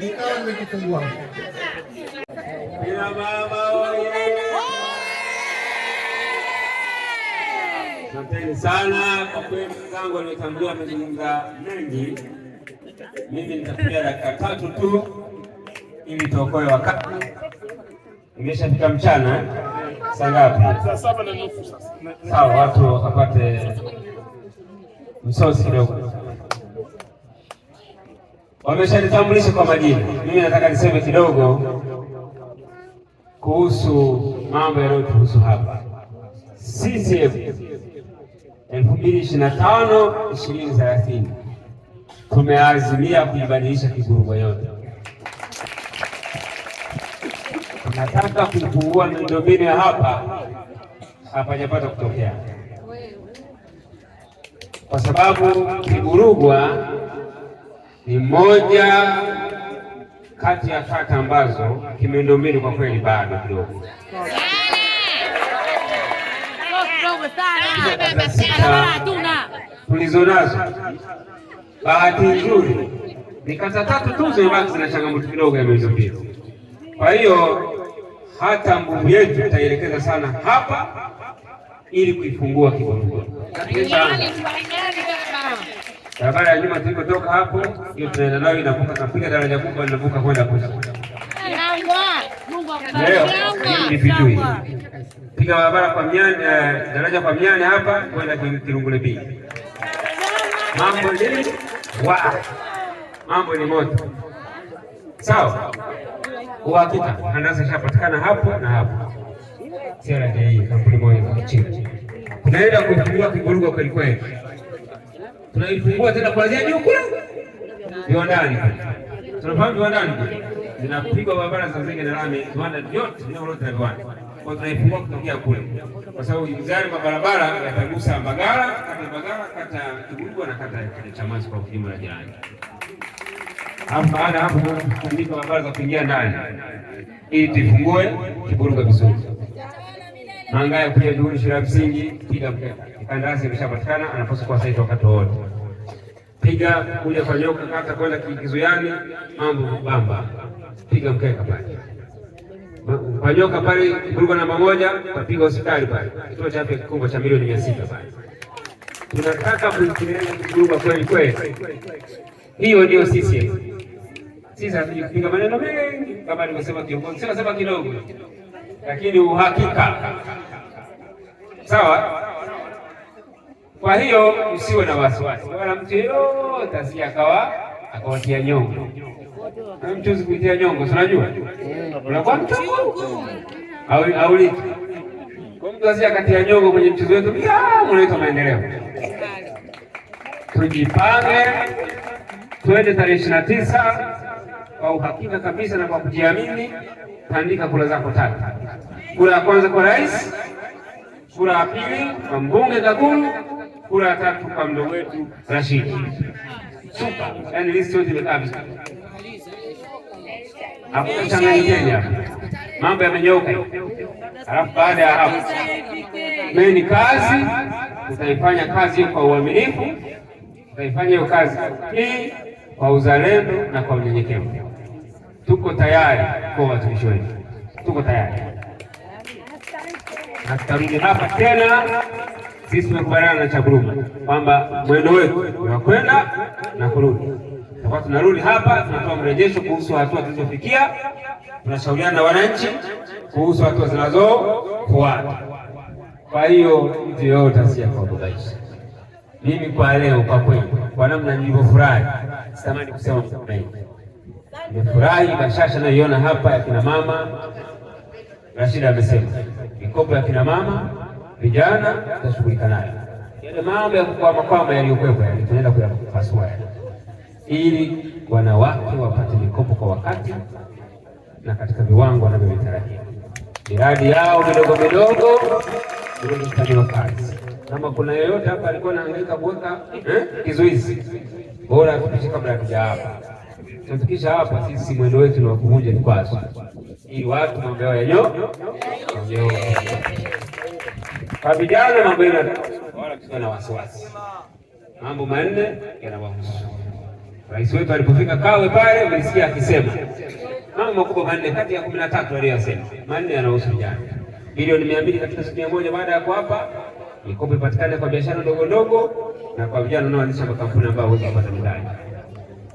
nikawa Asanteni sana kwa kweli, mzangu aliyotangulia amezungumza mengi. Mimi nitakuja dakika tatu tu ili tuokoe wakati. Imeshafika mchana, saa ngapi? Saa saba na nusu. Sawa, watu wapate msosi kidogo, wameshanitambulisha kwa majina. Mimi nataka niseme kidogo kuhusu mambo yanayotuhusu hapa CCM elfu mbili ishirini na tano ishirini thelathini tumeazimia kuibadilisha Kigurugwa yote. Tunataka kuipungua miundombinu ya hapa, hapajapata kutokea kwa sababu Kiburugwa ni moja kati ya kata ambazo kimiundombinu kwa kweli bado kidogo tulizo nazo. Bahati nzuri ni kata tatu tu zimebaki zina changamoto kidogo ya miundombinu. Kwa hiyo hata nguvu yetu itaelekeza sana hapa ili kuifungua Kigongoni. Barabara ya nyuma tulipotoka hapo ndio tunaenda nayo, inavuka tunapiga daraja kubwa, inavuka kwenda kule. Leo piga barabara kwa Mnyani, daraja kwa Mnyani hapa kwenda Kilungule B. Mambo ni wa mambo ni moto, sawa. Uhakika handasa shapatikana hapo na hapo CRDI kampuni moja ya Kichina. Tunaenda kuifungua Kiguruko kweli kweli. Tunaifungua tena kuanzia juu kule. Viwandani. Tunafahamu viwandani Zinapigwa barabara za zege na lami, viwanda vyote vinavyoletwa na viwanda. Kwa tunaifungua kutokea kule. Kwa sababu mzari wa yatagusa Mbagala, kata Mbagala, kata Kiguruko na kata Chamazi kwa kujumla jirani. Hapo baada hapo tunafungua barabara za kuingia ndani. Ili tufungue Kiguruko vizuri mangaya kuja duni shule ya msingi piga kandarasi imeshapatikana, anapaswa kuwa sahihi wakati wote. Piga kuja Fanyoka kata kwenda Kizuiani, mambo bamba, piga mkeka pale Fanyoka pale bulga namba moja, tapiga hospitali pale, kituo cha afya kikubwa cha milioni mia sita pale. Tunataka kuitengeneza bulga kweli kweli, hiyo ndio sisi sisi. Hatujipiga maneno mengi kama alivyosema kiongozi, sema sema kidogo lakini uhakika sawa. Kwa hiyo usiwe na wasiwasi wala mtu yeyote asije akawa akawatia nyongo. Mchuzi kutia nyongo, unajua unakuwa mchungu auliki kwa mtu asije akatia nyongo kwenye mchuzi wetu, unaitwa maendeleo. Tujipange, twende tarehe ishirini na tisa kwa uhakika kabisa na kwa kujiamini tandika kura zako tatu. Kura ya kwanza kwa rais, kura ya pili kwa mbunge Gakuru, kura ya tatu kwa mdogo wetu Rashid. Super, yani list yote imekaa vizuri, hakuchanganyikeni hapo, mambo yamenyoka. Alafu baada ya hapo, mimi kazi utaifanya kazi hiyo kwa uaminifu, utaifanya hiyo kazi hii kwa uzalendo na kwa unyenyekevu tuko tayari kwa watumishi wetu, tuko tayari na tutarudi hapa tena. Sisi tumekubaliana na chakuruma kwamba mwendo wetu ni wa kwenda na kurudi. Tutakuwa tunarudi hapa, tunatoa mrejesho kuhusu hatua tulizofikia, tunashauriana na wananchi kuhusu hatua zinazofuata. Kwa hiyo mtu yoyote asiyakubabaisha. Mimi kwa leo, kwa kweli, kwa namna nilivyofurahi, sitamani kusema mengi. Nimefurahi bashasha naiona hapa ya kina mama. Rashida amesema mikopo ya kina mama, vijana tutashughulika nayo. Yale mambo ya kukwama kwama yaliyokuwepo yale tunaenda kuyapasua ili wanawake wapate mikopo kwa wakati na katika viwango wanavyovitarajia. Miradi yao midogo midogo ifanyiwa kazi. Kama kuna yeyote hapa alikuwa anahangaika kuweka eh, kizuizi bora tupishe kabla ya kuja hapa tunafikisha hapa sisi, mwendo wetu ni wa kuvunja vikwazo, ili watu mambo yao yanyo kwa vijana, mambo yenu wala na wasiwasi. Mambo manne yanawahusu. Rais wetu alipofika Kawe pale, ulisikia akisema mambo makubwa manne kati ya kumi na tatu aliyosema, manne yanahusu vijana. Bilioni mia mbili katika siku mia moja baada ya kuapa mikopo ipatikane kwa biashara ndogo ndogo na kwa vijana wanaoanzisha makampuni ambao huwezi kupata mitaji.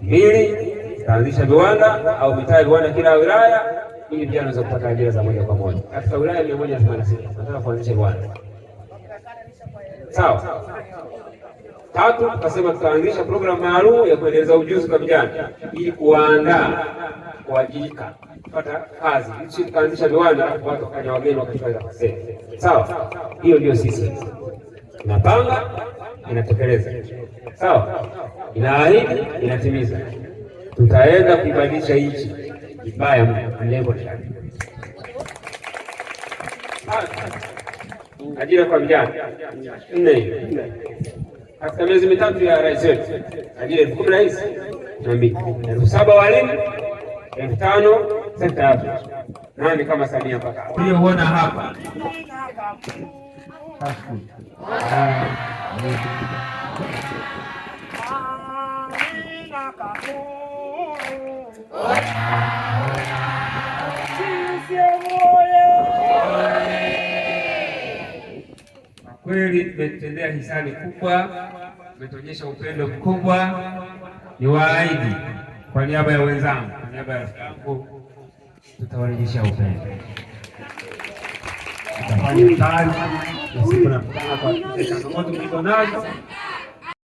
Mbili, kuanzisha viwanda au mitaa viwanda kila wilaya, ili pia anaweza kupata ajira za moja kwa moja. Katika wilaya mia moja themanini na sita tunataka kuanzisha viwanda sawa. Tatu, tukasema tutaanzisha programu maalum ya kuendeleza ujuzi kwa vijana ili kuwaandaa kuajirika kupata kazi nchi. Tukaanzisha viwanda watu wakanya wageni wakifanya kazi sawa. Hiyo ndio sisi inapanga, inatekeleza sawa, inaahidi, inatimiza tutaweza kuibadilisha nchi vibaya mlengo ajira kwa vijana nne katika miezi mitatu ya rais wetu, ajira elfu kumi na tisa na mbili, elfu saba walimu, elfu tano sekta ya afya. Nani kama Samia mpaka uliyoona hapa kweli mmetutendea hisani kubwa, umetuonyesha upendo mkubwa. Ni waahidi kwa niaba ya wenzangu, kwa niaba ya rafiki yangu, tutawarejesha upendo tutafanya kazi na siku na kwa changamoto mlizo nazo